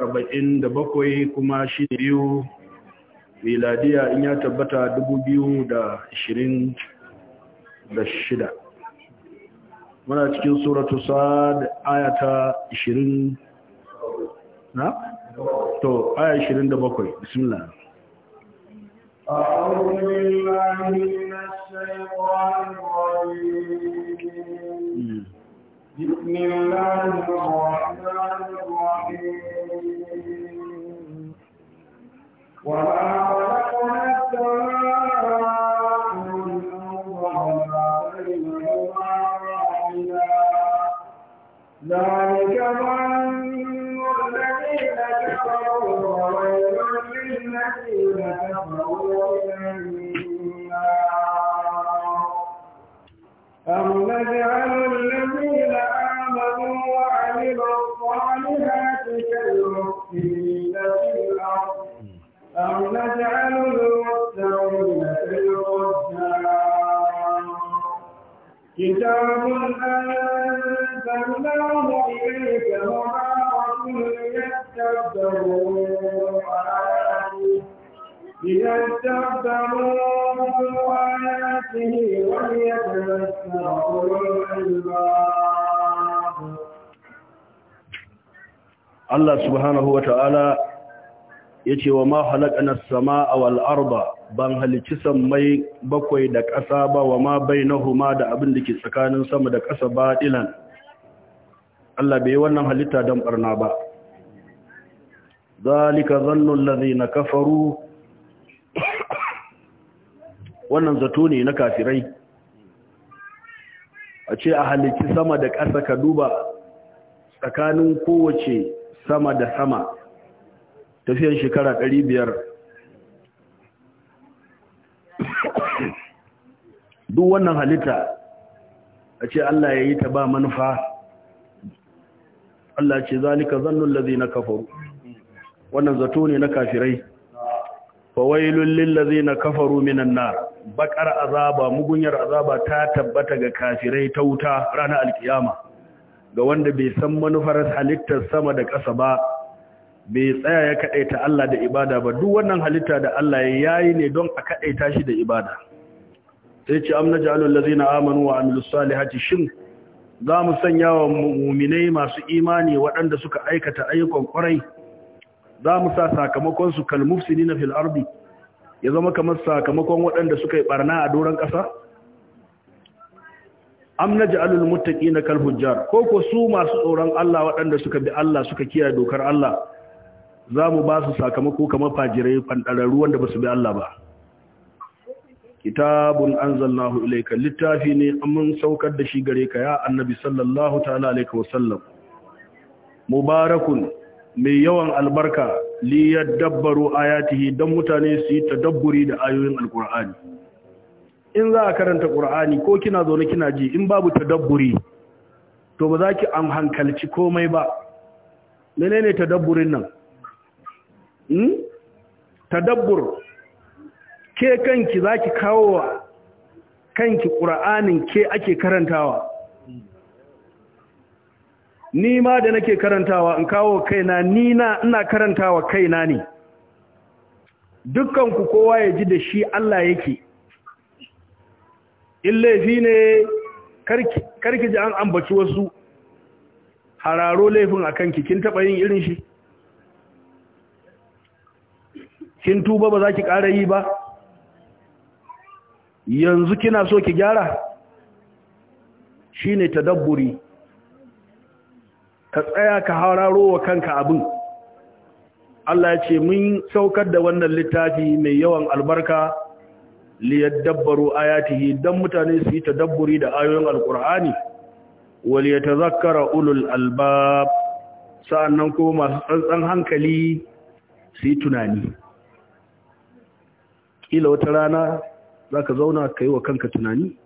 arba'in da bakwai kuma shi da biyu miladiya in ya tabbata dubu biyu da ashirin da shida muna cikin suratu sa'ad ayata ashirin na? to aya ashirin da bakwai bismillah أعوذ بالله من الشيطان الرجيم بسم الله الرحمن الرحيم وما خلقنا السماء والأرض وما بينهما باطلا ذلك ظن كفروا وويل للذين كفروا نجعل الذين آمنوا وعملوا الصالحات كالمفسدين في الأرض أو نجعل المتقين كالفجار كتاب أنزلناه إليك مبارك ليتدبروا آياته آياته وليتذكر أولو الله سبحانه وتعالى Ya ce, wa ma halaqana na samaa wal ba, ban halici sammai bakwai da ƙasa ba wa ma bai huma da abin da ke tsakanin sama da ƙasa ba ɗinan Allah bai wannan halitta don barna ba zalika lazi na kafaru wannan zato ne na kafirai a ce a halici sama da ƙasa ka duba tsakanin kowace sama da sama tafiyan shekara ɗari biyar duk wannan halitta a ce Allah ya yi ta ba manufa Allah ce zalika zannun lazi na kafaru wannan zato ne na kafirai fawailun lillazi na kafaru minan na bakar azaba mugunyar azaba ta tabbata ga kafirai ta wuta ranar alkiyama ga wanda bai san manufar halittar sama da ƙasa ba bai tsaya ya kaɗaita Allah da ibada ba duk wannan halitta da Allah ya yi ne don a kadaita shi da ibada sai ce amna ja'alul ladzina amanu wa amilus salihati shin za mu sanya wa mu'minai masu imani waɗanda suka aikata ayyukan kwarai za mu sa sakamakon su kal mufsidina fil ardi ya zama kamar sakamakon waɗanda suka yi barna a doron ƙasa am ja'alul muttaqina kal hujjar ko ko su masu tsoron Allah waɗanda suka bi Allah suka kiyaye dokar Allah za mu ba su sakamako kamar fajirai fandararru wanda ba su bi Allah ba kitabun anzalnahu ilaika littafi ne mun saukar da shi gare ka ya annabi sallallahu ta'ala alaika wasallam. mubarakun mai yawan albarka li dabbaro ayatihi don mutane su yi tadabburi da ayoyin alkur'ani in za a karanta ƙur'ani ko kina zo kina ji in babu tadabburi to ba za ki an hankalci komai ba Mene menene tadabburin nan Hmm? tadabbur ke kanki zaki kawo wa kanki ƙura'anin ke ake karantawa ni ma da nake karantawa in kawo kaina ni na ina karantawa kaina ne dukkanku kowa ya ji da shi Allah yake in laifi ne karki ji an ambaci wasu hararo laifin a kanki kin taɓa yin irin shi kin tuba ba za ki ƙara yi ba yanzu kina so ki gyara Shi ne tadabburi ka tsaya ka hararo wa kanka abin Allah ya ce mun saukar da wannan littafi mai yawan albarka liyadabbaru ayatihi dan mutane su yi tadabburi da ayoyin alkur'ani wal yatazakkara ulul albab sa'annan ko masu tsantsan hankali su yi tunani Kila wata rana za ka zauna ka yi wa kanka tunani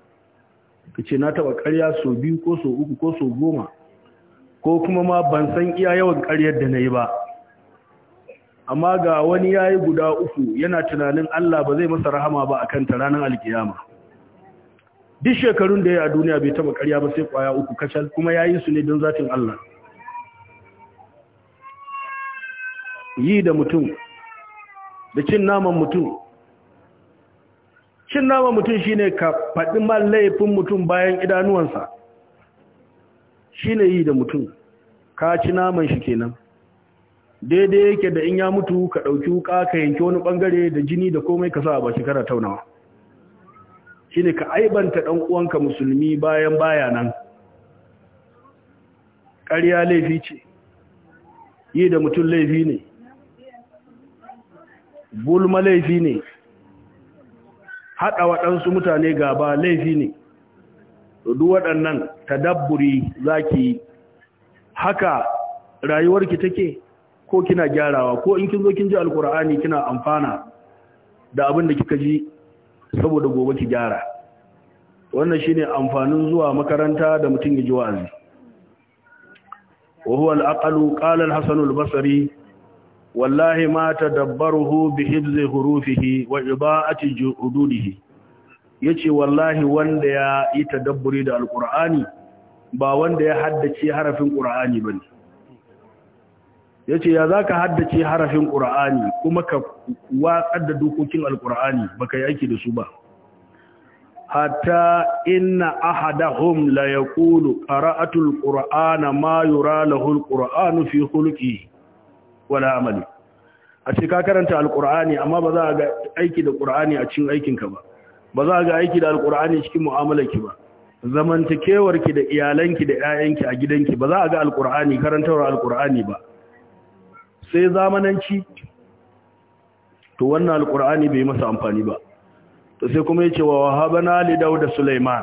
ka ce na taba karya so biyu ko so uku ko so goma ko kuma ma ban san iya yawan karyar da na yi ba amma ga wani ya yi guda uku yana tunanin Allah ba zai masa rahama ba a ta ranar alkiyama duk shekarun da ya yi a duniya bai taɓa karya ba sai kwaya uku kacal kuma ya yi su ne don zatin Allah yi da mutum da cin naman mutum cin nama mutum shine ka faɗi man laifin mutum bayan idanuwansa ne yi da mutum ka ci naman shi kenan daidai yake da in ya mutu ka ɗauki wuka ka yanki wani ɓangare da jini da komai ka sa a bashi kara taunawa ne ka aibanta ɗan uwanka musulmi bayan baya nan ƙarya laifi ce yi da mutum laifi ne gulma laifi ne haɗa waɗansu mutane gaba laifi ne duk waɗannan tadabburi za ki yi haka rayuwarki take ko kina gyarawa ko in kin zo kin ji alkur'ani kina amfana da abin da kika ji saboda gobe ki gyara wannan shi ne amfanin zuwa makaranta da mutum ya ji wa'azi wa huwa al-aqalu wallahi ma tadabbaruhu bi hibzi hurufihi wa ibaati jududihi yace wallahi wanda ya yi tadabburi da alqur'ani ba wanda ya haddace harafin qur'ani bane yace ya zaka haddace harafin qur'ani kuma ka watsar da dokokin alqur'ani baka yi aiki da su ba hatta inna ahadahum la yaqulu qara'atul qur'ana ma yura lahu alqur'anu fi khulqihi wala amali a ce ka karanta alqur'ani amma ba za a ga aiki da qur'ani a cikin aikinka ba ba za a ga aiki da alqur'ani cikin mu'amalarki ba zamantakewarki da iyalanki da ƴaƴanki a gidanki ba za a ga alqur'ani karantawar alqur'ani ba sai zamananci to wannan alqur'ani bai masa amfani ba to sai kuma yace wa wahabana li dawud sulaiman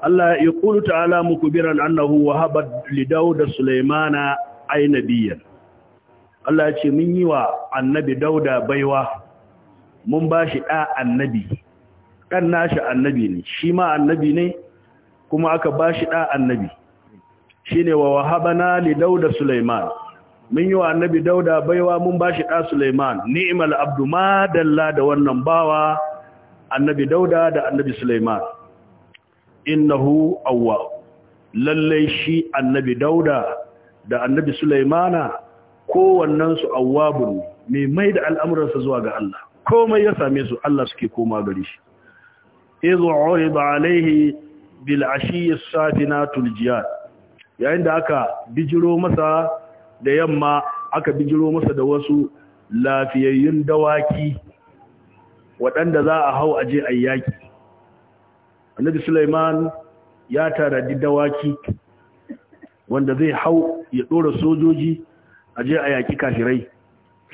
Allah ya kulu ta'ala muku biran annahu wa haɓar lidau da Sulaimana ainabiyar. Allah ce mun yi wa annabi dauda baiwa, mun ba shi ɗa annabi, ɗan nashi annabi ne, shi ma annabi ne, kuma aka ba shi ɗa annabi, shi ne wa wahabana lidau da Sulaimana. mun yi wa annabi dauda baiwa mun bashi ɗa Suleiman ni'mal abdu ma da wannan bawa annabi dauda da annabi Suleiman innahu awwa lalle shi annabi dauda da annabi Suleimana! kowannen su awwabun ne mai da al'amuransa zuwa ga Allah komai ya same su Allah suke koma gari shi izu urida alaihi bil ashiyi safinatul jiyad yayin da aka bijiro masa da yamma aka bijiro masa da wasu lafiyayyun dawaki waɗanda za a hau aje a yaki annabi Sulaiman ya taradi dawaki wanda zai hau ya ɗora sojoji aje a yaki kafirai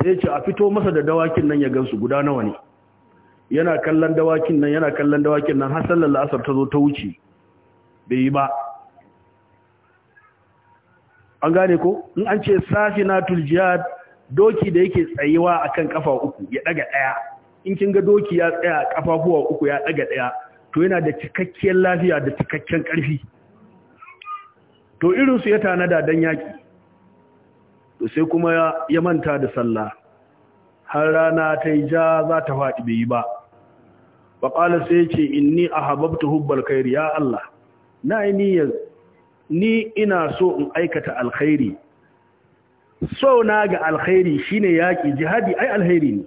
sai ce a fito masa da dawakin nan ya gansu guda nawa ne yana kallon dawakin nan yana kallon dawakin nan har sallar la'asar ta zo ta wuce bai yi ba an gane ko in an ce safinatul jihad doki da yake tsayewa akan kafa uku ya daga daya in kin ga doki ya tsaya kafafuwa uku ya daga daya to yana da cikakkiyar lafiya da cikakken karfi to irin su ya tanada dan yaki to sai kuma ya manta da sallah har rana ta yi ja za ta faɗi bai yi ba wa qala sai ce inni ahabbtu hubbal khair ya allah na yi niyyar ni ina so in aikata alkhairi so na ga alkhairi shine yaki jihadi ai alkhairi ne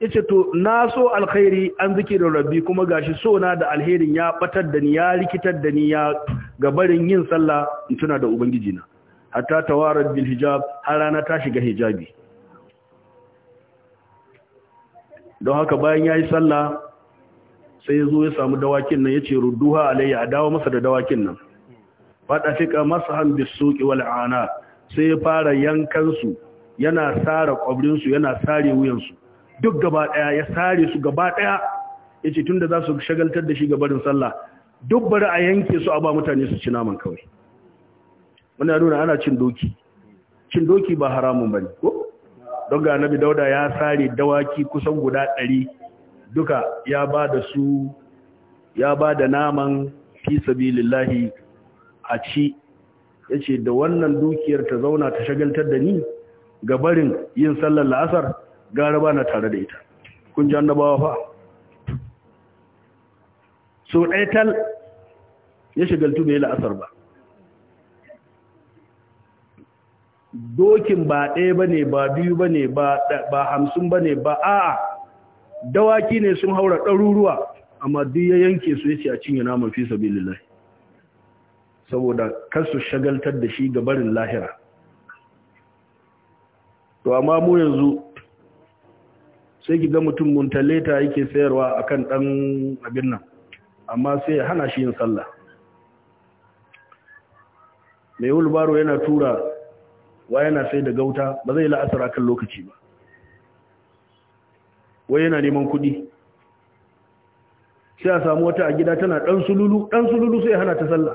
yace to na so alkhairi an zikirin rabbi kuma gashi so na da alherin ya batar da ni ya rikitar da ni ya gabarin yin sallah in tuna da ubangiji na hatta tawarat bil hijab har rana ta shiga hijabi don haka bayan yayi sallah sai ya zo ya samu dawakin nan yace rudduha alayya a dawo masa da dawakin nan fadafika masahan bisuki wal ana sai ya fara yankan su yana sare ƙwabrinsu, yana sare wuyansu. su duk gaba daya ya sare su gaba daya yace tunda za su shagaltar da shi gabarin sallah duk bari a yanke su a ba mutane su ci naman kawai muna nuna ana cin doki cin doki ba haramun bane ko don ga annabi dauda ya sare dawaki kusan guda ɗari, duka ya ba da su ya ba da naman fi sabilillahi a ci ya ce da wannan dukiyar ta zauna ta shagaltar da ni ga barin yin sallar la'asar gara ba na tare da ita kun ji annabawa fa so ɗaitar ya shagaltu bai la'asar ba dokin ba ɗaya ba ne ba biyu ba ne ba hamsin ba ne ba a'a dawaki ne sun haura ɗaruruwa amma duk ya yanke su ya ce a cinye naman fi sabi lullahi saboda kar shagaltar da shi ga barin lahira to amma mu yanzu sai ki ga mutum muntaleta yake sayarwa akan dan abin nan amma sai hana shi yin sallah mai wulbaro yana tura wa yana sai da gauta ba zai la'asar akan lokaci ba wai yana neman kudi sai a samu wata a gida tana dan sululu dan sululu sai hana ta sallah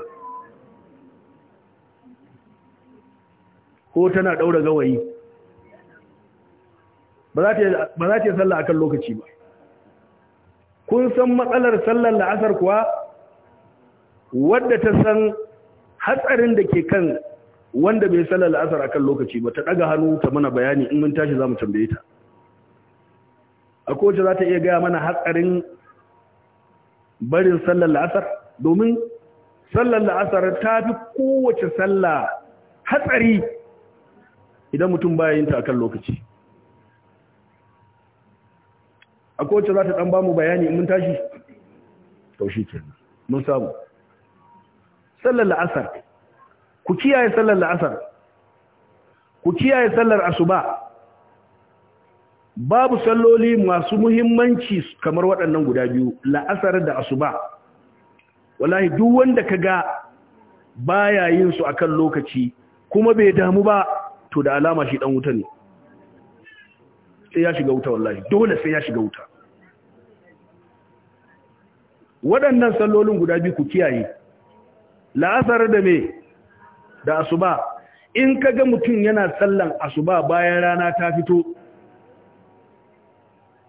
ko tana ɗaura gawayi ba za ta yi sallah akan lokaci ba kun san matsalar sallar la'asar kuwa wadda ta san hatsarin da ke kan wanda bai sallar la'asar akan lokaci ba ta ɗaga hannu ta mana bayani in mun tashi za mu tambaye ta a kowace za ta iya gaya mana hatsarin barin sallar la'asar domin sallar la'asar ta fi kowace sallah hatsari idan mutum baya yin ta akan lokaci a kowace za ta ɗan bamu mu bayani mun tashi taushi ke mun samu sallar la'asar ku kiyaye sallar la'asar ku kiyaye sallar asuba babu salloli masu muhimmanci kamar waɗannan guda biyu la'asar da asuba wallahi duk wanda ka ga baya yin su akan lokaci kuma bai damu ba to da alama shi dan wuta ne sai ya shiga wuta wallahi dole sai ya shiga wuta waɗannan sallolin guda biyu ku kiyaye la'asar da me da asuba in kaga mutum yana sallan asuba bayan rana ta fito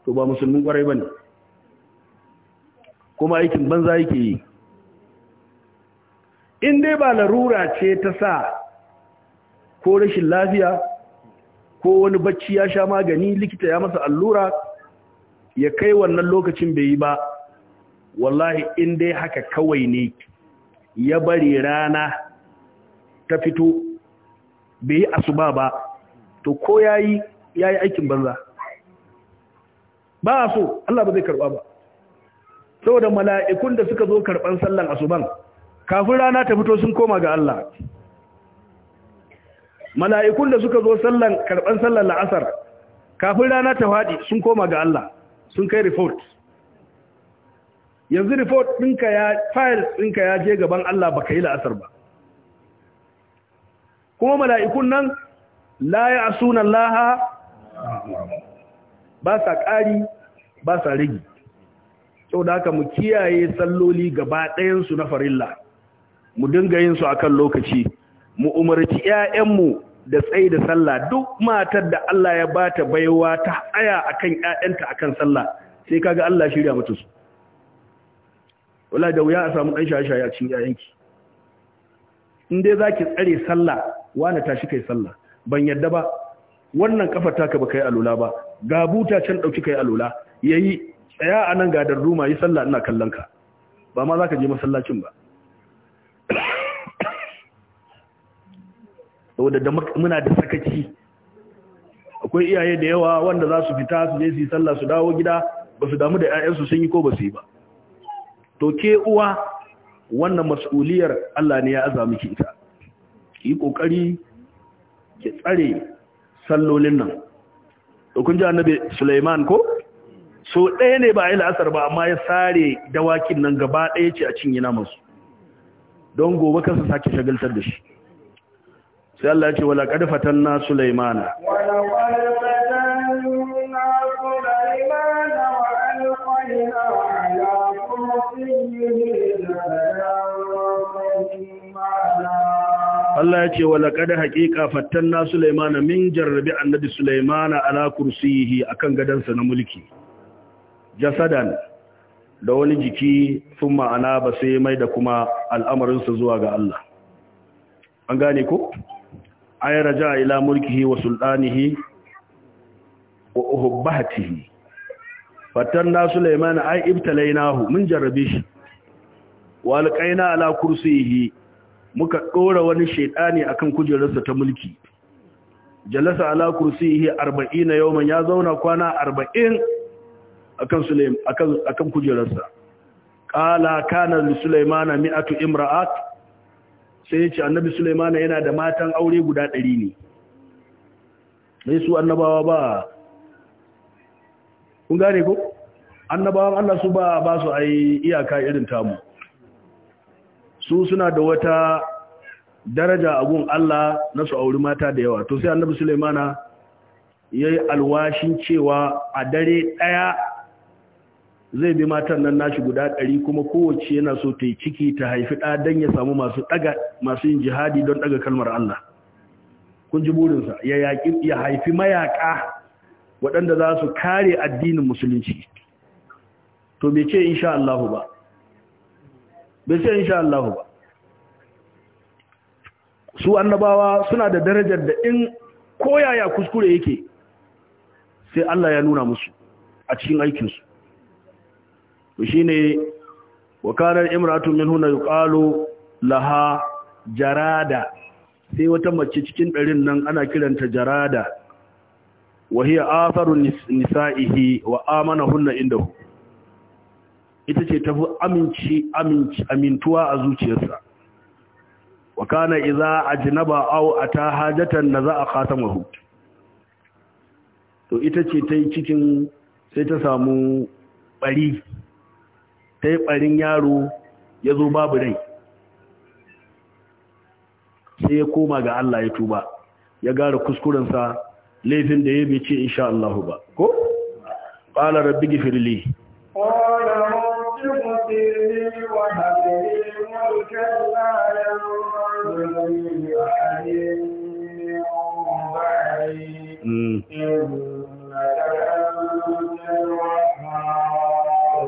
to ba musulmin kwarai bane kuma aikin banza yake yi in dai ba larura ce ta sa ko rashin lafiya ko wani bacci ya sha magani likita ya masa allura ya kai wannan lokacin bai yi ba wallahi in dai haka kawai ne ya bari rana ta fito bai yi asuba ba to ko ya yi ya yi aikin banza ba a so Allah ba zai karba ba saboda mala'ikun da suka zo karban sallan asuban kafin rana ta fito sun koma ga Allah mala'ikun da suka zo sallan karban sallan la'asar kafin rana ta faɗi sun koma ga Allah sun kai report yanzu report ɗinka ya files ɗinka ya je gaban Allah ba ka yi la'asar ba kuma mala'ikun nan la ya asunan laha ba sa ƙari ba sa rigi sau da haka mu kiyaye salloli gaba ɗayansu na farilla mu dinga yin su kan lokaci mu umarci ‘ya'yanmu da tsaye da sallah duk matar da Allah ya ba ta baiwa ta tsaya a kan ‘ya'yanta a kan sallah sai ga Allah shirya mutu su. Wala da wuya a samu ɗan shaye-shaye a cikin ‘ya'yanki. In dai za ki tsare sallah, wani tashi kai sallah, ban yadda ba, wannan kafa taka ba kai alula ba, ga buta can ɗauki kai alula, ya yi tsaya a nan gadar ruma yi sallah ina kallon ka, ba ma za ka je masallacin ba. saboda da muna da sakaci akwai iyaye da yawa wanda za su fita su je su yi sallah su dawo gida ba su damu da 'ya'yansu sun yi ko ba su yi ba to ke uwa wannan mas'uliyar Allah ne ya aza miki ita yi kokari ki tsare sallolin nan to kun ji annabi Sulaiman ko so ɗaya ne ba a yi la'asar ba amma ya sare dawakin nan gaba ɗaya ce a cinye namansu don gobe kansa sake shagaltar da shi sai Allah ya ce wala qad fatanna sulaimana wala Allah ya ce wala laƙada haƙiƙa fattan na Sulaimana min jarrabi annabi Sulaimana ala kursiyihi akan gadansa na mulki. Jasadan da wani jiki sun ma'ana ba sai mai da kuma al'amarinsa zuwa ga Allah. An gane ko? ay raja ila mulkihi wa sultanihi wa uhubbatihi fatanna sulayman ay ibtalaynahu mun jarrabe shi wa alqayna ala kursiyihi muka dora wani shaytani akan kujerarsa ta mulki jalasa ala kursiyihi 40 yawman ya zauna kwana 40 akan sulayman akan akan kujerarsa qala kana li sulaimana mi'atu imra'at sai ya ce annabi Suleimana yana da matan aure guda ɗari ne sai su annabawa ba kun gane ko annabawan Allah su ba ba su ai iyaka irin tamu su suna da wata daraja a gun Allah na su auri mata da yawa to sai annabi ya yayi alwashin cewa a dare ɗaya. zai bi matan nan nashi guda ɗari kuma kowace yana so ta yi ciki ta haifi ɗa don ya samu masu ɗaga masu yin jihadi don ɗaga kalmar Allah kun ji burinsa ya yaƙi ya haifi mayaƙa waɗanda za su kare addinin musulunci to bai ce insha Allah ba bai ce insha Allah ba su annabawa suna da darajar da in koyaya kuskure yake sai Allah ya nuna musu a cikin aikinsu to ne wakanar imratun min huna yuqalu laha jarada sai wata mace cikin ɗarin nan ana kiranta jarada wa hiya atharu nisa'ihi wa inda indahu ita ce tafi aminci aminci amintuwa a zuciyarsa wa kana idza ajnaba aw ata hajatan kasa khatamahu to ita ce ta yi cikin sai ta samu bari ta yi ɓarin yaro ya zo babu rai sai ya koma ga Allah ya tuba ya gara kuskurensa laifin da ya bece insha Allah ba ko qala rabbi ghfirli qala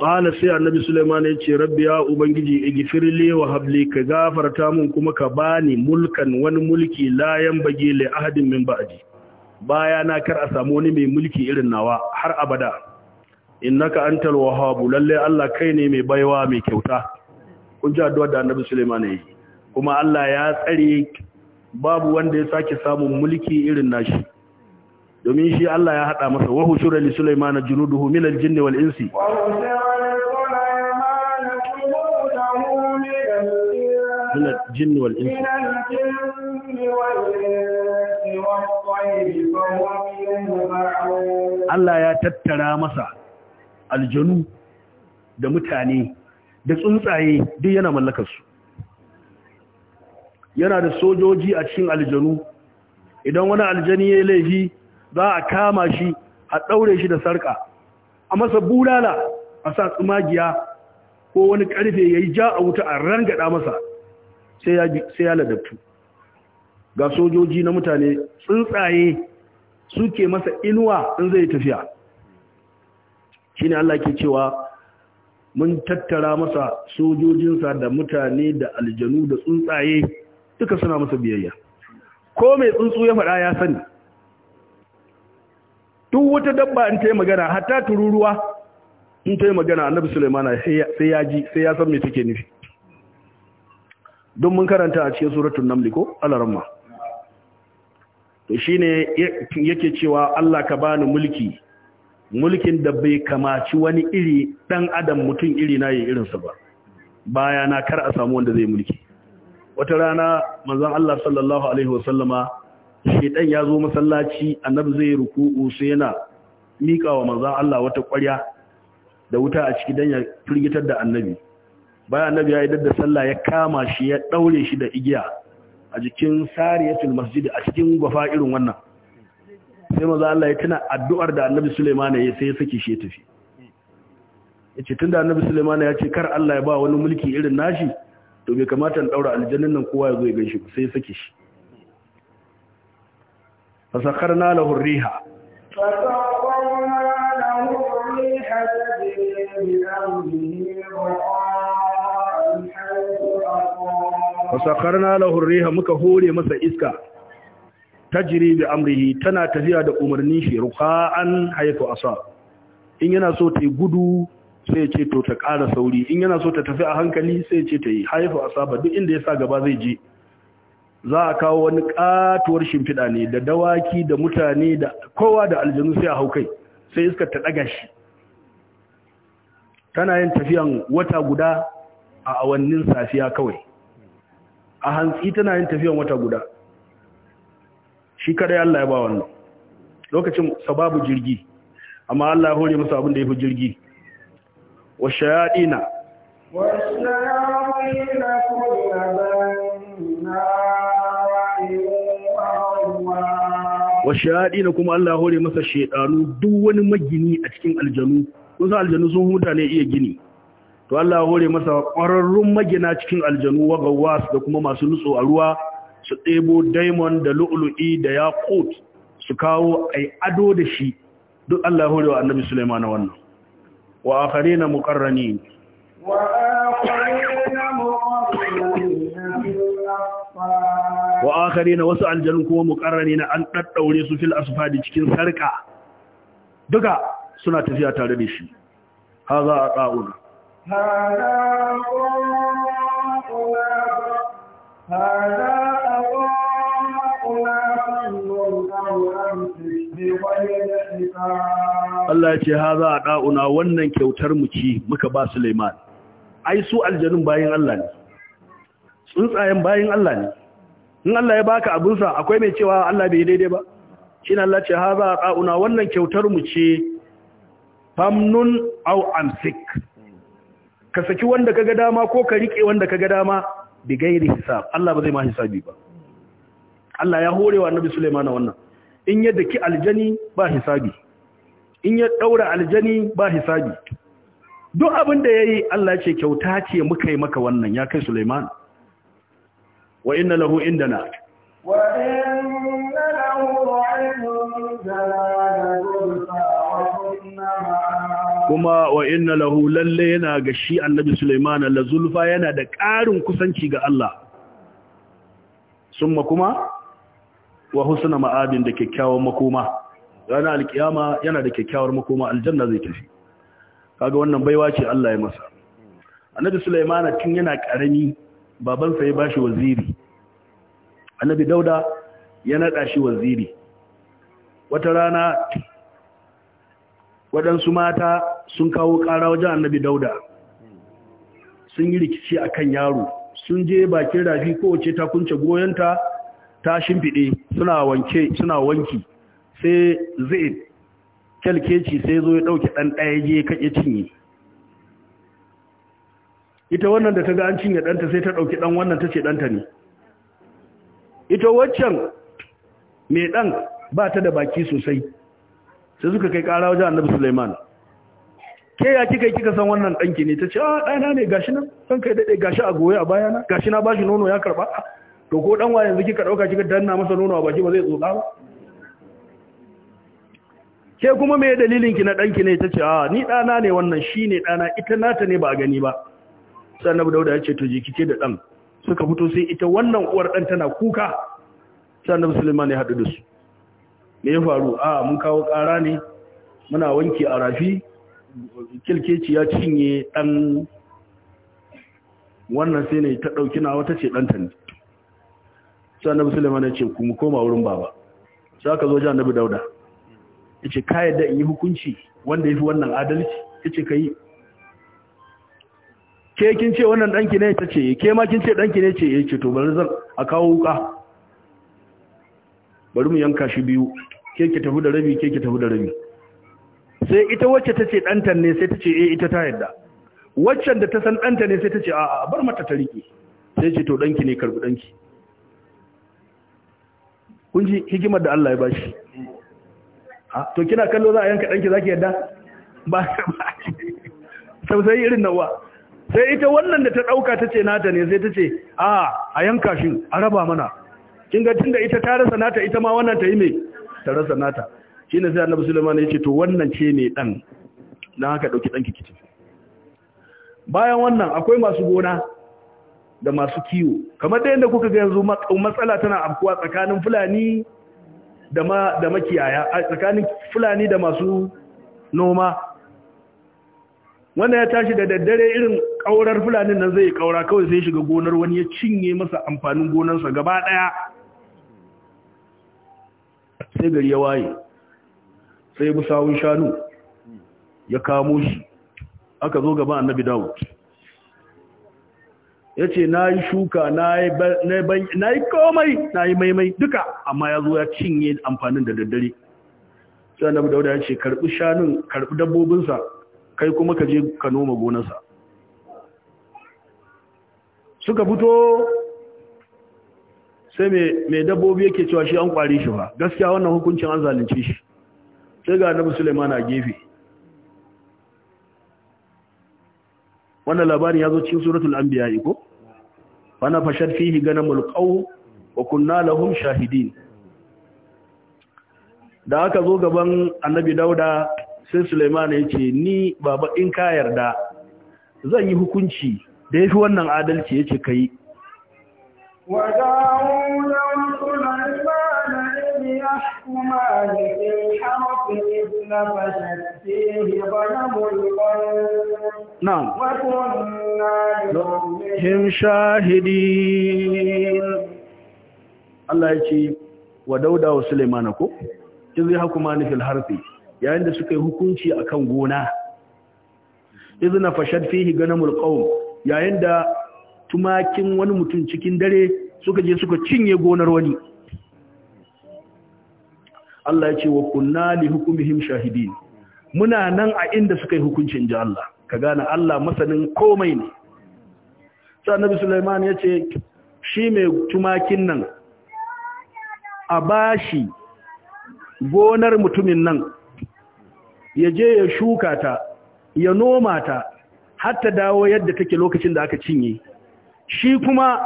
faƙala sai annabi suleiman ya ce rabbi ya ubangiji igifir le wa habli ka gafarta mun kuma ka bani mulkan wani mulki layan bage ahadin min ba'di baya na kar a samu wani mai mulki irin nawa har abada innaka antal wahhab lalle Allah kai ne mai baiwa mai kyauta kun ji addu'ar da annabi suleiman yi kuma Allah ya tsare babu wanda ya sake samun mulki irin nashi domin shi Allah ya haɗa masa wahu shura li Sulaiman junuduhu min al-jinni wal insi الجن ya tattara masa aljanu da mutane da tsuntsaye duk yana mallakarsu. yana da sojoji a cikin aljanu idan wani aljani ya laifi za a kama shi a ɗaure shi da sarƙa a masa bulala a sa tsumagiya ko wani ƙarfe ya yi ja a wuta a rangada masa sai ya ladabtu ga sojoji na mutane tsuntsaye suke masa inuwa in zai tafiya shi ne Allah ke cewa mun tattara masa sojojinsa da mutane da aljanu da tsuntsaye duka suna masa biyayya ko mai tsuntsu ya faɗa ya sani duk wata dabba in ta yi magana hatta tururuwa in ta yi magana annabi sulaimana sai ya ji sai ya san me take nufi don mun karanta a cikin suratun naml ko Alarama. to shine yake cewa Allah ka bani mulki mulkin da bai kamaci wani iri dan adam mutum iri na yin irinsa ba baya na kar a samu wanda zai mulki wata rana manzon Allah sallallahu alaihi wasallama shedan ya zo masallaci annabi zai ruku'u sai yana mika manzon Allah wata ƙwarya da wuta a ciki dan ya firgitar da annabi baya annabi ya yi da sallah ya kama shi ya daure shi da igiya a jikin sariyatul masjid a cikin gwafa irin wannan sai maza Allah ya tuna addu'ar da annabi Sulaiman ya sai ya saki shi ya tafi yace tunda annabi Sulaiman ya ce kar Allah ya ba wani mulki irin nashi to bai kamata in daura aljannin nan kowa ya zo ya ganshi sai ya saki shi fasakharna lahu riha fasakharna lahu riha tajri bi amrihi fasakarna lahur riha muka hore masa iska tajri bi amrihi tana tafiya da umarnin shi ruqa'an haythu asa in yana so ta gudu sai ce to ta ƙara sauri in yana so ta tafi a hankali sai ce ta yi haythu asaba duk inda ya sa gaba zai je za a kawo wani katuwar shimfiɗa ne da dawaki da mutane da kowa da aljanu sai a haukai sai iska ta ɗaga shi tana yin tafiyan wata guda a awannin safiya kawai a hantsi tana yin tafiyan wata guda shi kada Allah ya ba wannan lokacin sababu jirgi amma Allah ya hore masa abin da ya fi jirgi wa shayadina wa shayadina kuma Allah ya hore masa shedanu duk wani magini a cikin aljanu kun san aljanu sun huta ne iya gini to Allah ya hore masa ƙwararrun magina cikin aljanu wa gawas da kuma masu nutso a ruwa su ɗebo diamond da lu'lu'i da yaqut su kawo ai ado da shi duk Allah ya hore wa annabi Sulaiman wannan wa na muqarranin wa akharina muqarranin wa wasu aljanu kuma na an daddaure su fil asfadi cikin sarka duka suna tafiya tare da shi haza a ƙa'una Allah ya ce, أضاءنا فانظر أو أمسك بغير حساب الله يجي هذا أضاءنا ونن ai su aljanun bayan Allah ne tsuntsayen bayan Allah ne in Allah ya baka abinsa akwai mai cewa Allah bai daidai ba shi Allah ce haza a ƙa'una wannan kyautar mu ce famnun au amsik ka saki wanda ka ga dama ko ka rike wanda ka ga dama bi gairi hisab Allah ba zai ma hisabi ba Allah ya hore wa Annabi Sulaiman wannan in ya daki aljani ba hisabi in ya daura aljani ba hisabi duk abin da yayi Allah ce kyauta ce muka yi maka wannan ya kai Sulaiman wa inna lahu indana wa inna lahu kuma wa inna lahu lalle yana ga shi annabi Sulaiman la yana da ƙarin kusanci ga Allah summa kuma wa husna ma'adin da kyakkyawar makoma ranar alkiyama yana da kyakkyawar makoma aljanna zai tafi kaga wannan baiwa ce Allah ya masa annabi Sulaiman tun yana karami babansa ya bashi waziri annabi Dauda ya nada shi waziri wata rana waɗansu mata sun kawo ƙara wajen annabi dauda sun yi rikici a kan yaro sun je bakin rafi kowace ta kunce goyonta ta shimfiɗe suna wanke suna wanki sai zai kyalkeci sai zo ya ɗauki ɗan ɗaya je kaɗe cinye ita wannan da ta ga an cinye ɗanta sai ta ɗauki ɗan wannan ta ce ɗanta ne ita waccan mai ɗan ba ta da baki sosai sai suka kai ƙara wajen annabi suleiman ke ya kika kika san wannan danki ne Ta ce a ah, dana ne gashi nan san kai dade gashi a goye a bayana gashi na bashi nono ya karba ah, to ko dan waye yanzu kika dauka kika danna masa nono a baki ba zai tsotsa ba ke kuma me dalilin ki na danki ne ta ce a ah, ni dana ne wannan shine dana ita nata ne ba a gani ba sai na dauda ya ce to je kice da dan suka fito sai ita wannan uwar dan tana kuka sai na musulman ya hadu da su me ya faru a mun kawo ƙara ne muna wanki a rafi kilkeci ya cinye ɗan wannan sai ne ta ɗauki na wata ce ɗanta ne sai annabi suleiman ya ce kuma koma wurin baba sai aka zo ji annabi dauda ya ce ka yadda in yi hukunci wanda ya fi wannan adalci ya ce ka yi ke kin ce wannan ɗanki ne ta ce ke ma kin ce ɗanki ne ce eh. ya ce to bari zan a kawo wuka bari mu yanka shi biyu ke ki tafi da rabi ke ki tafi da rabi sai ita wacce ta ce ɗanta ne sai ta ce e ita ta yadda waccan da ta san ɗanta ne sai ta ce a bar mata ta riƙe sai ce to ɗanki ne karɓi ɗanki kun ji hikimar da Allah ya ba shi to kina kallo za a yanka ɗanki za ki yadda ba sai irin na uwa sai ita wannan da ta ɗauka ta ce nata ne sai ta ce a a yanka shi a raba mana kin ga tunda ita ta rasa nata ita ma wannan ta yi mai ta rasa nata shi ne sai annabi Sulaiman ya ce to wannan ce ne dan dan haka dauki danki kici bayan wannan akwai masu gona da masu kiwo kamar da yanda kuka ga yanzu matsala tana afkuwa tsakanin fulani da ma da makiyaya tsakanin fulani da masu noma wanda ya tashi da daddare irin kaurar fulanin nan zai kaura kawai sai shiga gonar wani ya cinye masa amfanin gonarsa gaba daya sai gari ya waye sai ya sawun shanu ya kamo shi aka zo gaba annabi dawud ya ce na yi shuka na yi komai na yi maimai duka amma ya zo ya cinye amfanin da daddare sai annabi dawud ya ce karbi shanun karbi dabbobinsa kai kuma ka je ka noma gonarsa suka fito sai mai dabbobi yake cewa shi an kware shi ba gaskiya wannan hukuncin an zalunce shi sai ga annabi Sulaiman a gefe wannan labarin ya zo cikin suratul anbiya ko fana fashar fihi gana qaw wa kunna lahum shahidin da aka zo gaban annabi dauda sai Sulaiman ya ce ni baba in ka yarda zan yi hukunci da yafi wannan adalci yace kai wa da'u Kuma a gaɗe ta mafi isa Allah ya ce wa Dauda wasu limanako, ki zai haƙuma ni filharfe, yayin da suka yi hukunci akan gona, izina fashar fihe ganamul ƙaun, yayin da tumakin wani mutum cikin dare suka je suka cinye gonar wani. Allah ya ce wa kunna li hukumihim shahidin muna nan a inda suka yi hukuncin ji Allah ka gane Allah masanin komai ne sai annabi Sulaiman ya ce shi mai tumakin nan a bashi gonar mutumin nan ya je ya shuka ta ya noma ta har ta dawo yadda take lokacin da aka cinye shi kuma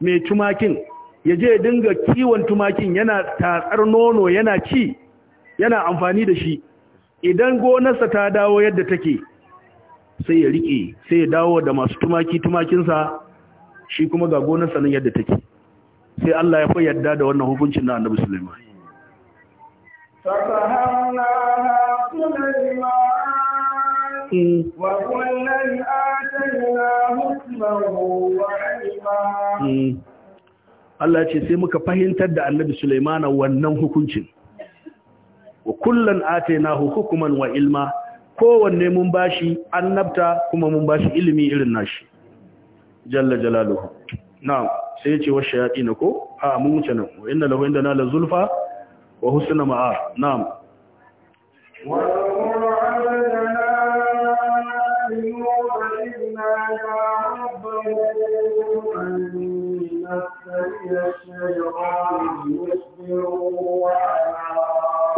mai tumakin ya je dinga kiwon tumakin yana tatsar nono yana ci yana amfani da shi idan gonarsa ta dawo yadda take sai ya riƙe sai ya dawo da masu tumaki tumakinsa shi kuma ga gonarsa nan yadda take sai Allah ya fa yadda da wannan hukuncin na Annabi Sulaiman فَسَهَرْنَاهَا سُلَيْمَانَ وَكُلًّا Allah ce sai muka fahimtar da annabi Sulaimana wannan hukuncin wa kullun atayna hukuman wa ilma kowanne mun bashi annabta kuma mun bashi ilimi irin nashi jalla jalaluhu na'am sai ya ce wa shayatin ko a mun wuce nan Wa inna lahu indana la zulfa wa husna ma'a na'am wa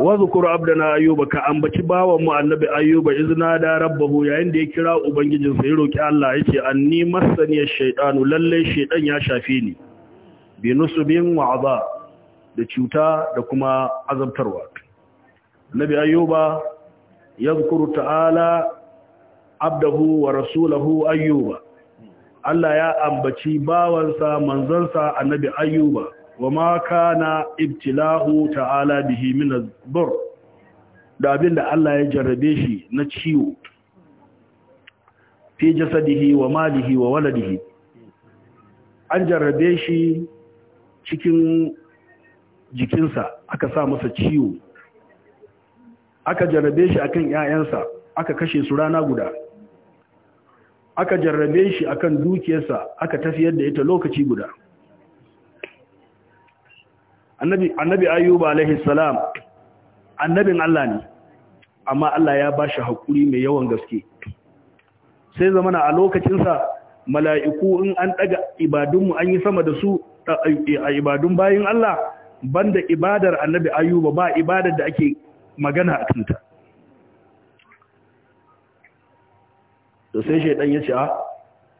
wazukuru abdana ayuba ka ambaci bawan mu annabi ayuba izna da rabbahu yayin da ya kira ubangijin sa ya roki Allah yace anni masani ash-shaytanu lalle shaytan ya shafe ni bi nusbin wa da cuta da kuma azabtarwa annabi ayuba yazkuru ta'ala abdahu wa rasulahu ayuba Allah ya ambaci bawansa manzansa annabi ayyuba wa ma kana ibtilahu ta'ala bihi min az da abinda Allah ya jarrabe shi na ciwo fi jasadihi wa malihi wa waladihi an jarrabe shi cikin jikinsa aka sa masa ciwo aka jarrabe shi akan 'ya'yansa aka kashe su rana guda aka jarrabe shi akan dukiyarsa aka tafiyar da ita lokaci guda annabi annabi ayyuba alaihi salam annabin Allah ne amma Allah ya ba shi hakuri mai yawan gaske sai zamana a lokacinsa mala'iku in an ɗaga ibadunmu an yi sama da su a ibadun bayan Allah banda ibadar annabi ayyuba ba ibadar da ake magana a kanta to sai shaidan ya ce ah,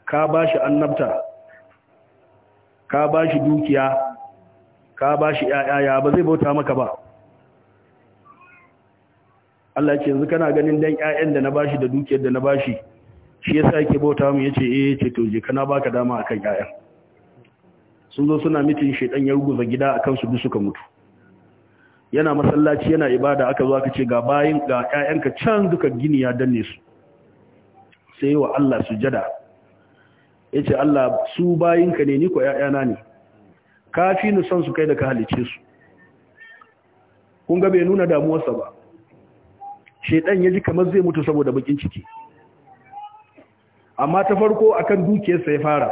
ka ba shi annabta ka ba shi dukiya ka ba shi ya ba zai bauta maka ba Allah ce yanzu kana ganin dan ƴaƴan da na bashi da dukiyar da na bashi shi yasa yake bauta mu yace eh ce to je kana baka dama akan ƴaƴan sun zo suna mitin shaidan ya ruguza gida akan su suka mutu yana masallaci yana ibada aka zo aka ce ga bayin ga ƴaƴanka can duka gini ya danne su sai wa Allah sujada yace Allah su bayinka ne ni yaya ƴaƴana ne ka ni san su kai da ka halice su kun ga bai nuna damuwarsa ba shaidan ya ji kamar zai mutu saboda bakin ciki amma ta farko akan dukiyarsa ya fara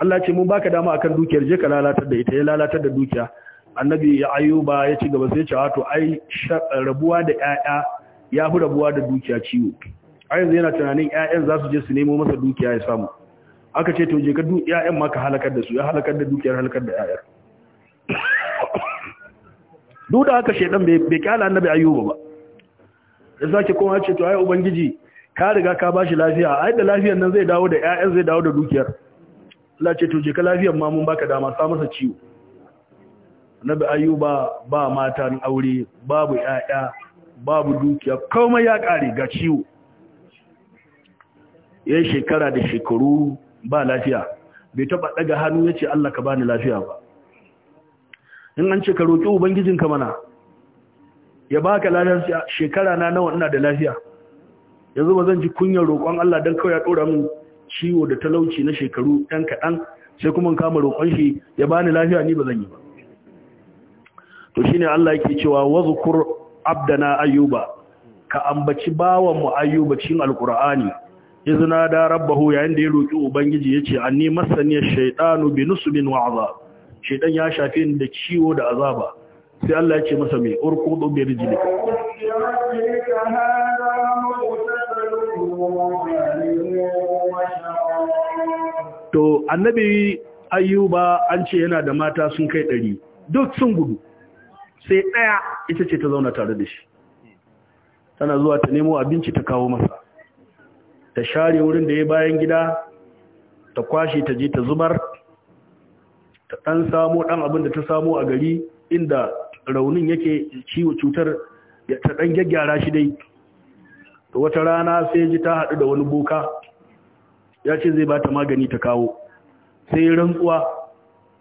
Allah ce mun baka dama akan dukiyar je ka lalatar da ita ya lalatar da dukiya annabi ya ayyuba ya ci gaba sai ya ce wato ai rabuwa da ƴaƴa ya hu rabuwa da dukiya ciwo a yanzu yana tunanin ƴaƴan za su je su nemo masa dukiya ya samu aka ce to je ka duk ƴaƴan ma ka halakar da su ya halakar da dukiyar halakar da 'ya'yan. duk da haka shedan bai bai kyala annabi ayyuba ba sai zaki kuma ya ce to ai ubangiji ka riga ka bashi lafiya ai da lafiyar nan zai dawo da ƴaƴan zai dawo da dukiyar Allah ce to je ka lafiyar ma mun baka dama sa masa ciwo annabi ayyuba ba matan aure babu ƴaƴa babu dukiya komai ya kare ga ciwo ya shekara da shekaru ba lafiya bai taba daga hannu ya ce Allah ka bani lafiya ba in an ce ka roƙi ubangijinka mana ya baka lafiya shekara na nawa ina da lafiya yanzu ba zan ji kunyar roƙon Allah don kawai ya ɗora min ciwo da talauci na shekaru ɗan kaɗan sai kuma kama roƙon shi ya bani lafiya ni ba zan yi ba to shine Allah yake cewa wazkur abdana ayyuba ka ambaci bawan mu ayyuba cikin alqur'ani izna da rabbahu yayin da ya roki ubangiji yace anni masani ash-shaytanu bi nusbin wa azab shaytan ya shafe ni da ciwo da azaba sai Allah ya ce masa me urqudu bi rijlik to annabi ayyuba an ce yana da mata sun kai ɗari duk sun gudu sai ɗaya ita ce ta zauna tare da shi tana zuwa ta nemo abinci ta kawo masa ta share wurin da ya bayan gida ta kwashe ta je ta zubar ta ɗan samo ɗan abin da ta samo a gari inda raunin yake ciwo cutar ta ɗan gyaggyara shi dai to wata rana sai ji ta haɗu da wani boka ya ce zai ba ta magani ta kawo sai yi rantsuwa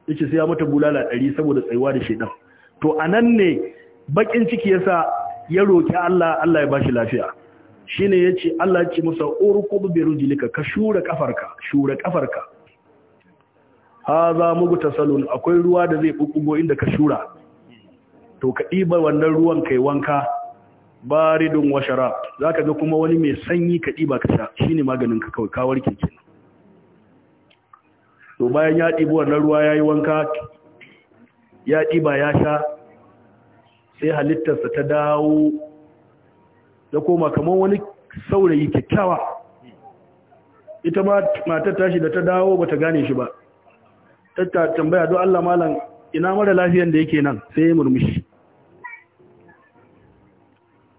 ya ce sai ya mata bulala ɗari saboda tsayuwa da shaidan to a nan ne baƙin ciki ya sa ya roƙi Allah Allah ya ba shi lafiya shine yace Allah ya ce masa urqub bi rijlika ka shura kafarka shura kafarka haza salon akwai ruwa da zai bubbugo inda ka shura to ka diba wannan ruwan kai wanka baridun wa sharab zaka ga kuma wani mai sanyi ka diba ka sha shine maganin ka kawai ka warke to bayan ya dibi wannan ruwa yayi wanka ya ɗiba ya sha sai halittarsa ta dawo ya koma kamar wani saurayi kyakkyawa ita ma matar tashi da ta dawo ba ta gane shi ba ta tambaya don Allah malam ina mara lafiyan da yake nan sai ya murmushi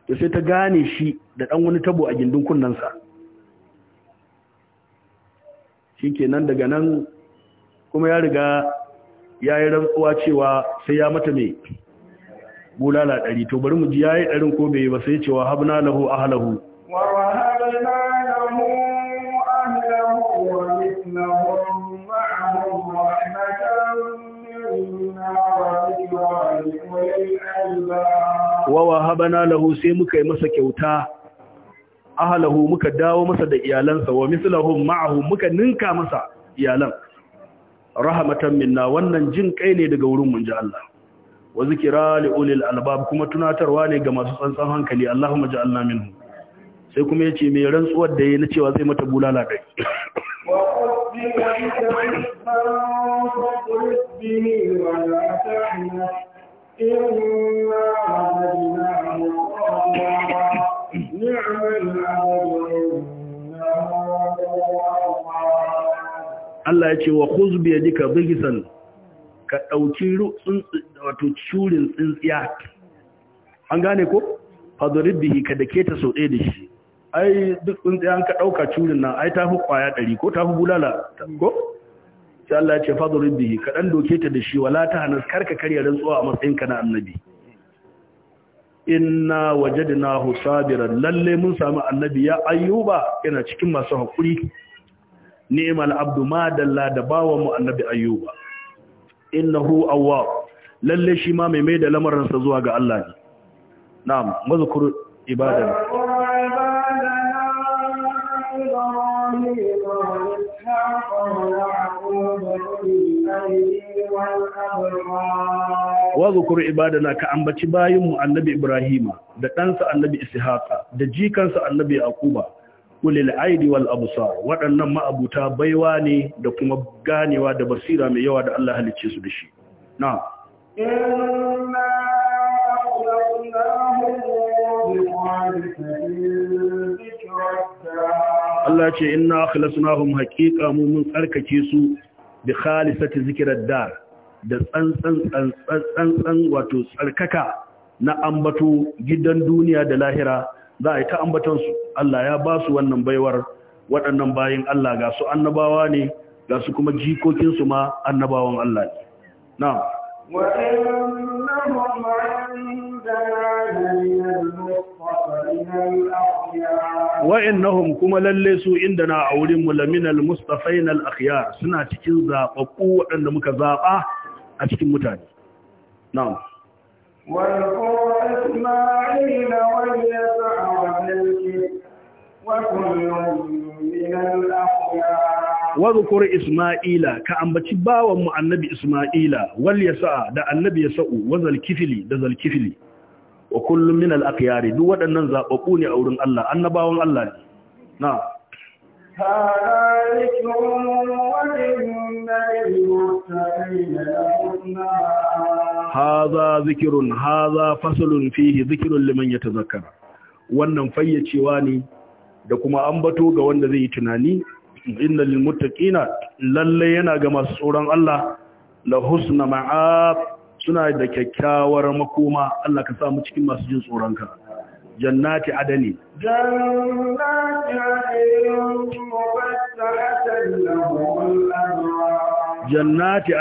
ta sai ta gane shi da ɗan wani tabo a gindin kunnansa shi nan daga nan kuma ya riga ya yi rantsuwa cewa sai ya mata mai bulala ɗari to bari mu ji yayi ɗarin ko bai ba sai cewa habna lahu ahlahu wa wahabna lahu ahlahu wa mithlahum wa wahabana lahu sai muka yi masa kyauta ahlahu muka dawo masa da iyalansa wa mislahum ma'ahu muka ninka masa iyalan rahmatan minna wannan jin kai ne daga wurin mun ji Allah wa zikira li ulil albab kuma tunatarwa ne ga masu tsantsan hankali Allahumma ja'alna minhu sai kuma yace mai rantsuwar da yayi na cewa zai mata bulala dai Allah ya ce wa khuzbi yadika bighisan ka ɗauki wato curin tsintsiya an gane ko fadorid bihi ka ke ta so ɗaya da shi ai duk tsintsiya an ka ɗauka curin nan ai tafi kwaya ɗari ko tafi bulala ko sai Allah ya ce fadorid bihi ka ɗan doke ta da shi wala ta hannas kar ka karya rantsuwa a matsayin ka na annabi inna wajadnahu sabiran lalle mun samu annabi ya ayyuba yana cikin masu hakuri ni'mal abdu ma dalla da bawan mu annabi ayyuba innahu awwab lalle shi ma mai mai da lamarinsa zuwa ga Allah ne na'am mazkur ibadan wazukur ibadana ka ambaci bayinmu annabi ibrahima da ɗansa annabi ishaqa da jikansa annabi Aquba. ulil aidi wal absar waɗannan ma'abuta baiwa ne da kuma ganewa da basira mai yawa da Allah halicce su da shi na Allah ce inna akhlasnahum haqiqa mu mun tsarkake su bi khalisati zikrad dar da tsantsan tsantsan wato tsarkaka na ambato gidan duniya da lahira za a yi ta su Allah ya ba su wannan baiwar waɗannan bayin Allah ga su annabawa ne ga su kuma jikokinsu ma annabawan Allah ne na'am wa'annahum kuma lalle su inda na a wurin mulaminal mustafain al-akhyar suna cikin zaɓaɓɓu waɗanda muka zaɓa a cikin mutane na'am wa Wazukur Ismaila ka ambaci bawan mu annabi Ismaila wal yasa da annabi yasa'u wa zalkifili da zalkifili wa kullum min al aqyari duk waɗannan zababbu ne a wurin Allah annabawan Allah ne na haza zikirun haza fasalun fihi zikirun liman yatazakkara wannan fayyacewa ne da kuma an bato ga wanda zai yi tunani inna lil muttaqina lalle yana ga masu tsoron Allah la husna ma'ab suna da kyakkyawar makoma Allah ka sa mu cikin masu jin tsoronka jannati adani jannati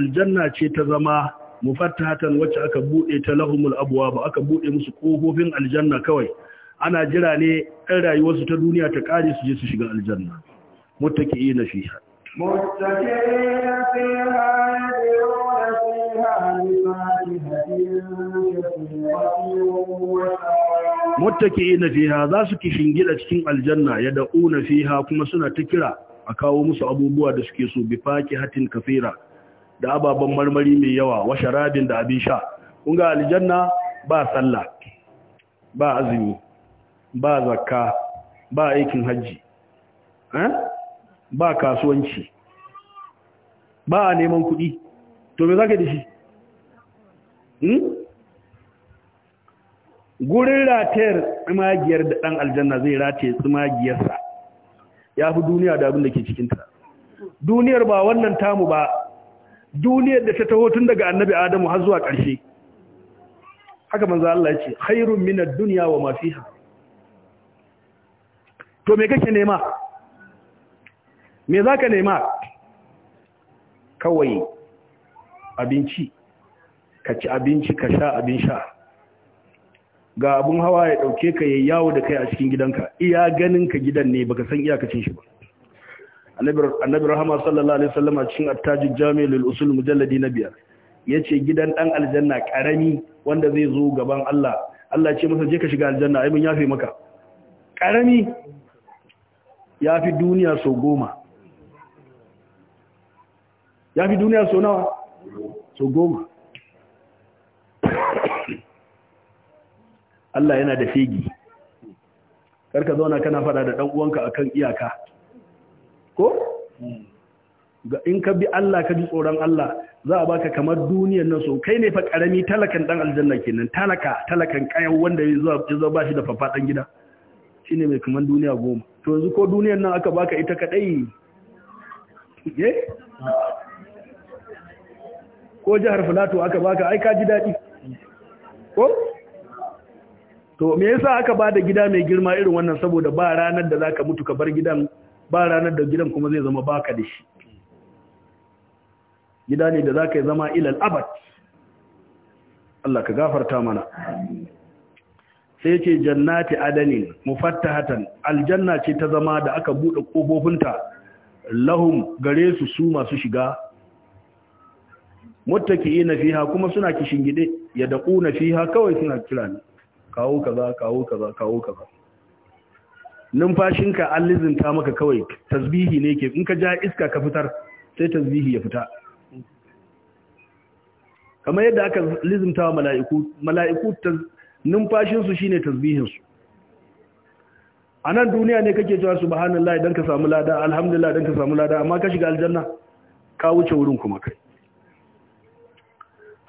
aljanna ce ta zama mufattahatan wacce aka bude ta lahumul abwa ba aka bude musu kofofin aljanna kawai ana jira ne ɗan rayuwarsu ta duniya ta ƙari su je su shiga aljanna muttaki na fiha ha فيها يدعون فيها بفاكهة za su shingida cikin aljanna ya da'una fiha kuma suna ta kira a kawo musu abubuwa da suke so bifaki hatin kafira da ababen marmari mai yawa wa sharabin da abin sha kun aljanna ba sallah ba azumi ba zakka ba aikin hajji eh? ba kasuwanci ba a neman kuɗi to me za ka dishi hmm? gurin ratayar tsimagiyar da ɗan aljanna zai rataye tsimagiyarsa ya fi duniya da abin da ke cikinta duniyar ba wannan tamu ba duniyar da ta taho tun daga annabi adamu har zuwa ƙarshe haka manzo Allah ya ce khairun minad dunya wa ma fiha to me kake nema me zaka nema kawai abinci ka ci abinci ka sha abin sha ga abin hawa ya ɗauke ka yayi yawo da kai a cikin gidanka iya ganin ka gidan ne baka san iyakacin shi ba annabi rahama sallallahu alaihi wasallam a cikin attajin jami'ul usul mujalladi na biyar yace gidan dan aljanna karami wanda zai zo gaban Allah Allah ce masa je ka shiga aljanna ai mun yafe maka karami ya fi duniya so goma ya fi duniya so nawa so goma Allah yana da fegi karka zauna kana fada da ɗan uwanka akan iyaka ko ga in ka bi Allah ka ji tsoron Allah za a baka kamar duniyar nan so kai ne fa karami talakan dan aljanna kenan talaka talakan kayan wanda ya zo ba shi da fafadan gida shine mai kaman duniya goma to yanzu ko duniyar nan aka baka ita kadai eh ko jihar filato aka baka ai ka ji daɗi ko to me yasa aka ba da gida mai girma irin wannan saboda ba ranar da za ka mutu ka bar gidan ba ranar da gidan kuma zai zama baka da shi gida ne da za ka yi zama ilal abad Allah ka gafarta mana sai ce jannati adanin mufattahatan aljanna ce ta zama da aka bude kofofinta lahum gare su su masu shiga muttaki'ina fiha kuma suna kishingide ya daquna fiha kawai suna kira ne kawo kaza kawo kaza kawo kaza numfashinka an lizinta maka kawai tasbihi ne ke in ka ja iska ka fitar sai tasbihi ya fita kamar yadda aka lizinta wa mala'iku mala'iku numfashinsu shi ne tasbihinsu a nan duniya ne kake cewa subhanallah idan ka samu lada alhamdulillah idan ka samu lada amma ka shiga aljanna ka wuce wurin kuma kai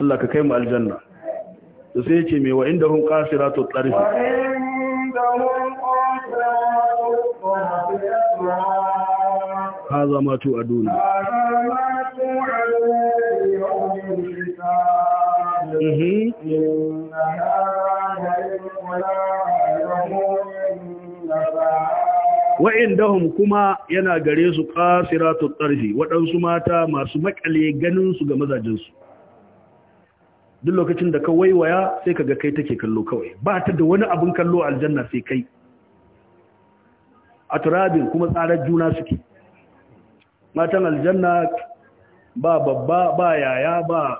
Allah ka kai mu aljanna da sai ce mai wa inda hun qasiratu tarif haza Mm -hmm. wa'indahum kuma yana gare su qasiratu tsarfi waɗansu mata masu maƙale ganinsu ga mazajinsu duk lokacin da ka waiwaya sai ka ga kai take kallo kawai ba ta da wani abin kallo aljanna sai kai a turabin kuma tsarar juna suke matan aljanna ba babba ba yaya ba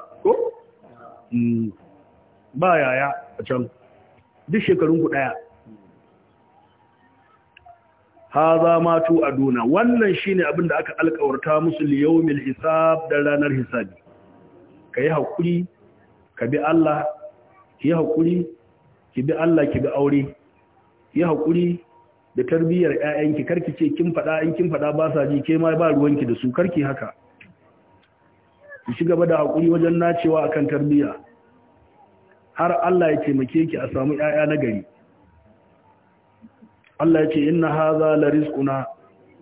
mm, ba yaya a can duk shekarun ɗaya. haza matu a aduna wannan shine abin da aka alƙawarta musu liyawmil hisab da ranar hisabi kai hakuri ka bi Allah ki hakuri ki bi Allah ki bi aure ki hakuri da tarbiyyar ƴaƴanki karki ce kin fada in kin fada ba sa ji ke ma ba ruwanki da su karki haka ki ci gaba da hakuri wajen nacewa akan tarbiya. har Allah ya taimake ki a samu ƴaƴa na gari Allah ya ce inna haza la rizquna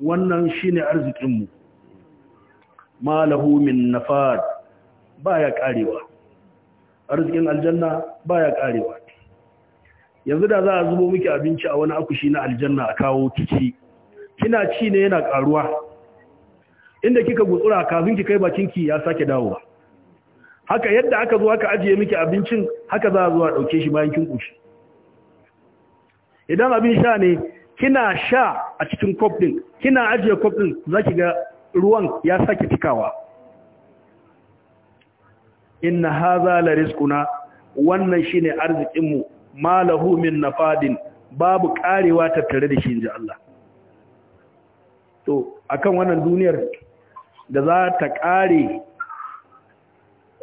wannan shine arzikinmu ma lahu min nafad baya karewa arzikin aljanna baya karewa yanzu da za a zubo miki abinci a wani akushi na aljanna a kawo kici kina ci ne yana karuwa inda kika gutsura kafin ki kai bakin ki ya sake dawo. haka yadda aka zo aka ajiye miki abincin haka za a zo a dauke shi bayan kin kushi idan abin sha ne kina sha a cikin kwaf din kina ajiye kwaf din zaki ga ruwan ya sake cikawa inna haza la rizquna wannan shine arzikin mu malahu min nafadin babu karewa tattare da shi inji Allah to akan wannan duniyar da za ta kare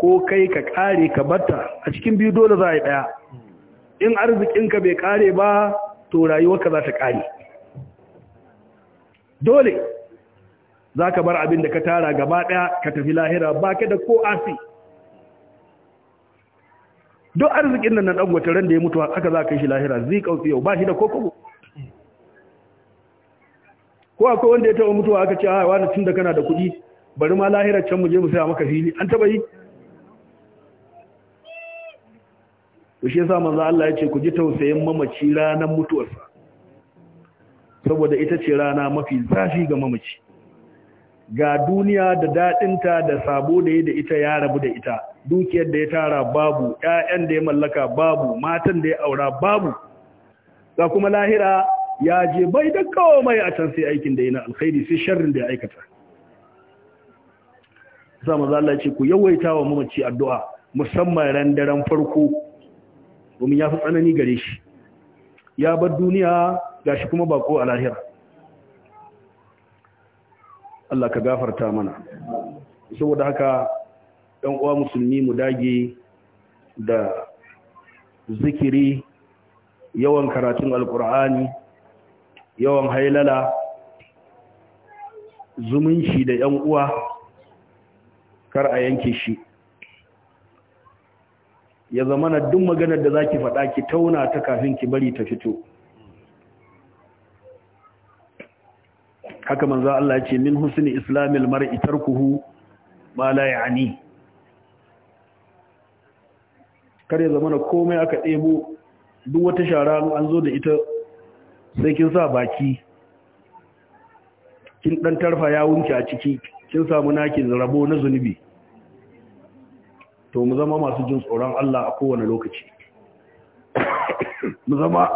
ko kai ka kare ka batta a cikin biyu dole za a yi daya in arzikinka bai kare ba to rayuwarka za ta ƙare dole za ka bar abin da ka tara gaba ɗaya ka tafi lahira ba ka da ko asi don arzikin nan na ɗan ran da ya mutuwa aka za ka yi shi lahira zai kausi yau ba shi da kokobo ko akwai wanda ya taɓa mutuwa aka ce a ah, wani tun da kana da kuɗi bari ma lahira can mu je mu saya maka fili an taɓa yi to shi yasa manzo Allah yace ku ji tausayin mamaci ranar mutuwarsa saboda ita ce rana mafi zafi ga mamaci ga duniya da daɗinta da sabo da ya da ita ya rabu da ita dukiyar da ya tara babu ƴaƴan da ya mallaka babu matan da ya aura babu ga kuma lahira ya je bai da mai a can sai aikin da ya alkhairi sai sharrin da ya aikata sa maza Allah ce ku yawaita wa mamaci addu'a musamman ran daren farko domin ya fi tsanani gare shi ya bar duniya gashi kuma bako a lahira Allah ka gafarta mana saboda haka ɗan uwa musulmi mu dage da zikiri yawan karatun alkur'ani yawan hailala zumunci da 'yan uwa kar a yanke shi ya zama na duk maganar da zaki faɗa ki tauna ta kafin ki bari ta fito haka manzo Allah ya ce min husni islamil mar'i tarkuhu ma la ya'ni ya zama na komai aka ɗebo duk wata shara an zo da ita sai kin sa baki kin dan tarfa ya a ciki kin samu nakin rabo na zunubi to mu zama masu jin tsoron Allah a kowane lokaci mu zama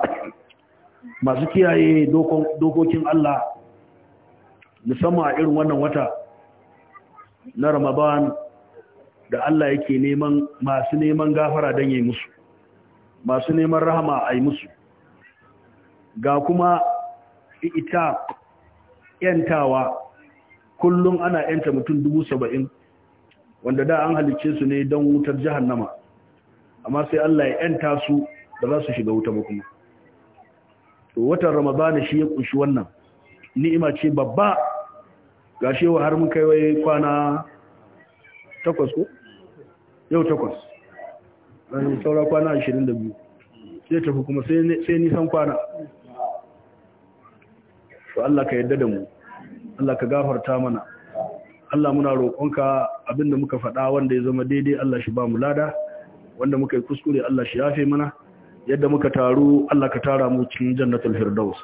masu kiyaye dokokin Allah musamman a irin wannan wata na Ramadan da Allah yake neman masu neman gafara don yi musu masu neman rahama a yi musu ga kuma ita yantawa kullum ana yanta mutum dubu saba'in wanda da an halicce su ne don wutar jahannama amma sai Allah ya yanta su da za su shiga wuta ba kuma to watan ramadana shi ya kunshi wannan ni'ima ce babba gashi wa har mun kai wai kwana takwas ko yau takwas ranar saura kwana 22 sai tafi kuma sai nisan kwana to Allah ka yadda da mu Allah ka gafarta mana Allah muna roƙonka abinda muka faɗa wanda ya zama daidai Allah shi ba mu lada wanda muka yi kuskure Allah shi yafe mana yadda muka taru Allah ka tara mu cikin jannatul firdaus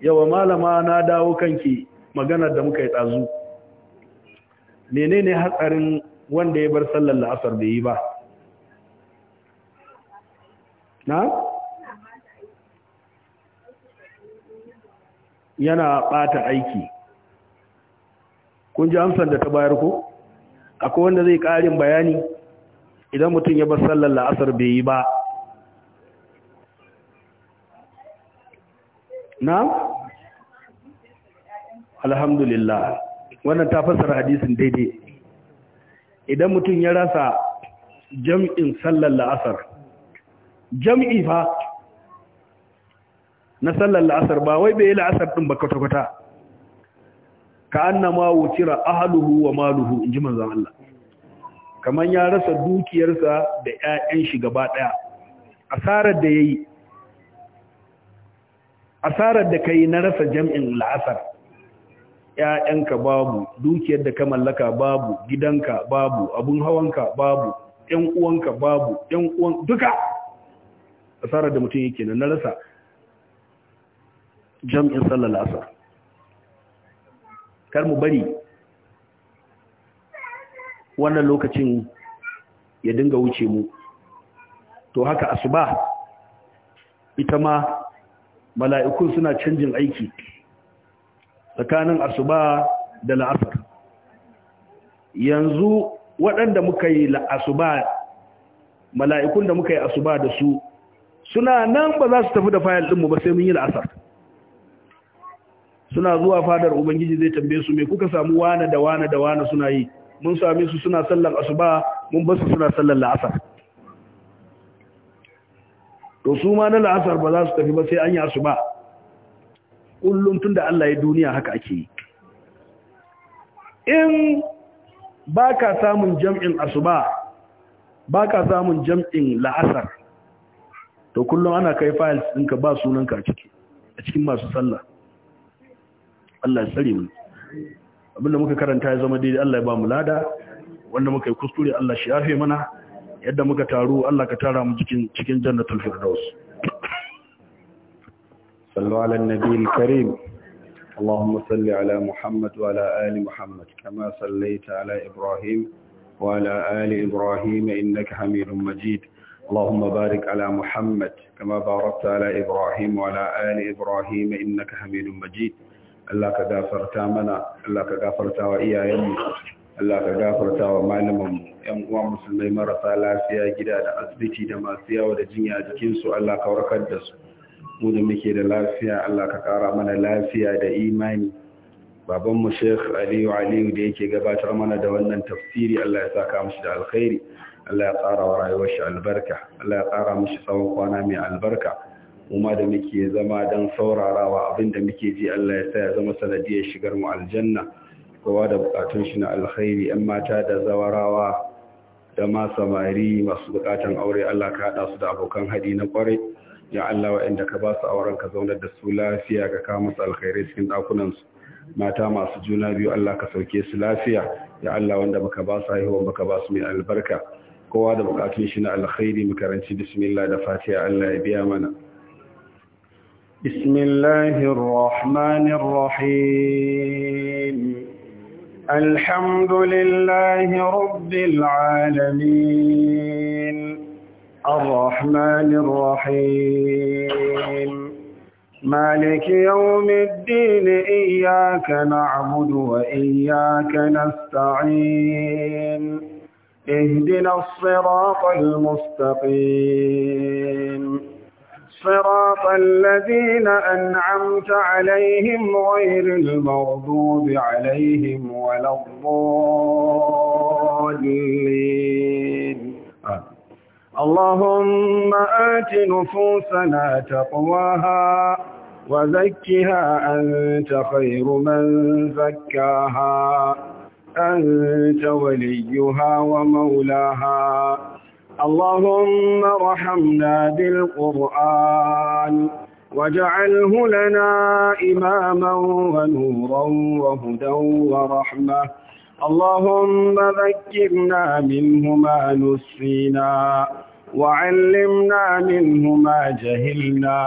yawa malama na dawo kanki maganar da muka yi ɗazu menene hatsarin wanda ya bar sallar la'asar bai yi ba na? yana ɓata aiki kun ji amsar da ta bayar ko? akwai wanda zai ƙarin bayani idan mutum ya bar sallar la'asar bai yi ba na? alhamdulillah wannan ta fassara hadisin daidai idan mutum ya rasa jam'in sallar la'asar jam'i fa na sallar la'asar ba wai bai yi la'asar ɗin ba kwata-kwata ka ma wutira ahluhu wa maluhu inji manzon Allah kaman ya rasa dukiyarsa da ƴaƴan shi gaba daya asarar da yayi asarar da kai na rasa jam'in la'asar ƴaƴanka babu dukiyar da ka mallaka babu gidanka babu abun hawanka babu ƴan uwanka babu ƴan uwan duka asarar da mutum yake na rasa jam'in sallar la'asar kar mu bari wannan lokacin ya dinga wuce mu to haka asuba ita ma mala'ikun suna canjin aiki tsakanin asuba da la'asar yanzu waɗanda muka yi asuba mala'ikun da muka yi asuba da su suna nan ba za su tafi da fayil ɗinmu ba sai mun yi la'asar suna zuwa fadar ubangiji zai tambaye su me kuka samu wane da wane da wane suna yi mun same su suna sallar asuba mun basu suna sallar la'asar to su ma na la'asar ba za su tafi ba sai an yi asuba kullum tun da Allah ya duniya haka ake yi in ba ka samun jam'in asuba ba samun jam'in la'asar to kullum ana kai files ɗinka ba sunanka a ciki a cikin masu sallah Allah ya mu abinda muka karanta ya zama daidai Allah ya ba mu lada wanda muka yi kuskure Allah shi yafe mana yadda muka taru Allah ka tara mu cikin cikin jannatul firdaus sallu ala nabiyil karim اللهم صل على محمد وعلى آل محمد كما صليت على إبراهيم وعلى آل إبراهيم إنك حميد مجيد اللهم بارك على محمد كما باركت على إبراهيم وعلى آل إبراهيم إنك حميد مجيد Allah ka gafarta mana Allah ka gafarta wa iyayenmu Allah ka gafarta wa malamanmu ‘yan uwa musulmai marasa lafiya gida da asibiti da masu yawa da jinya jikinsu Allah ka warkar da su mu da muke da lafiya Allah ka ƙara mana lafiya da imani babanmu Sheikh Aliyu Aliyu da yake gabatar mana da wannan tafsiri Allah ya saka mishi da alkhairi Allah ya ƙara wa rayuwar shi albarka Allah ya ƙara mishi tsawon kwana mai albarka kuma da muke zama don saurarawa abinda muke ji Allah ya sa ya zama sanadiyar shigar mu aljanna kowa da bukatun shi na alkhairi yan mata da zawarawa da ma samari masu bukatan aure Allah ka hada su da abokan hadi na kwarai ya Allah wa'anda ka ba su auren ka zaunar da su lafiya ka kawo musu alkhairi cikin dakunan su mata masu juna biyu Allah ka sauke su lafiya ya Allah wanda baka ba su haihuwa baka ba su mai albarka kowa da bukatun shi na alkhairi mu karanci bismillah da fatiha Allah ya biya mana بسم الله الرحمن الرحيم الحمد لله رب العالمين الرحمن الرحيم مالك يوم الدين إياك نعبد وإياك نستعين اهدنا الصراط المستقيم صراط الذين أنعمت عليهم غير المغضوب عليهم ولا الضالين اللهم آت نفوسنا تقواها وزكها أنت خير من زكاها أنت وليها ومولاها اللهم رحمنا بالقرآن واجعله لنا إماما ونورا وهدى ورحمة اللهم ذكرنا منه ما نسينا وعلمنا منه ما جهلنا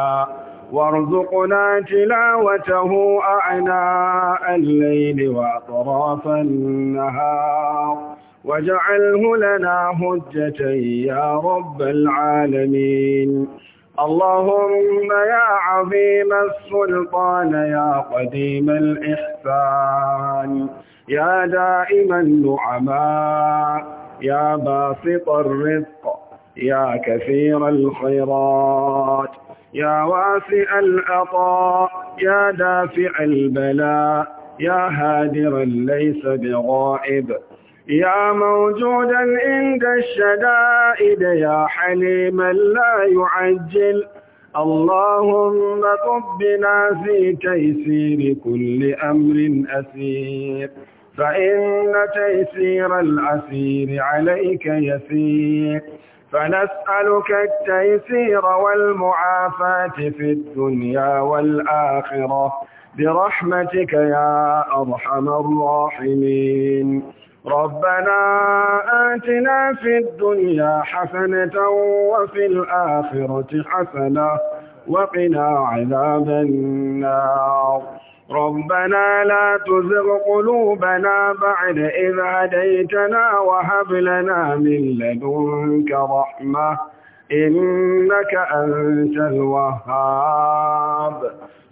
وارزقنا تلاوته أعناء الليل وأطراف النهار واجعله لنا حجة يا رب العالمين اللهم يا عظيم السلطان يا قديم الإحسان يا دائم النعماء يا باسط الرزق يا كثير الخيرات يا واسع العطاء يا دافع البلاء يا هادرا ليس بغائب يا موجودا عند الشدائد يا حليما لا يعجل اللهم طبنا في تيسير كل أمر أسير فإن تيسير العسير عليك يسير فنسألك التيسير والمعافاة في الدنيا والآخرة برحمتك يا أرحم الراحمين ربنا آتنا في الدنيا حسنة وفي الآخرة حسنة وقنا عذاب النار ربنا لا تزغ قلوبنا بعد إذ هديتنا وهب لنا من لدنك رحمة إنك أنت الوهاب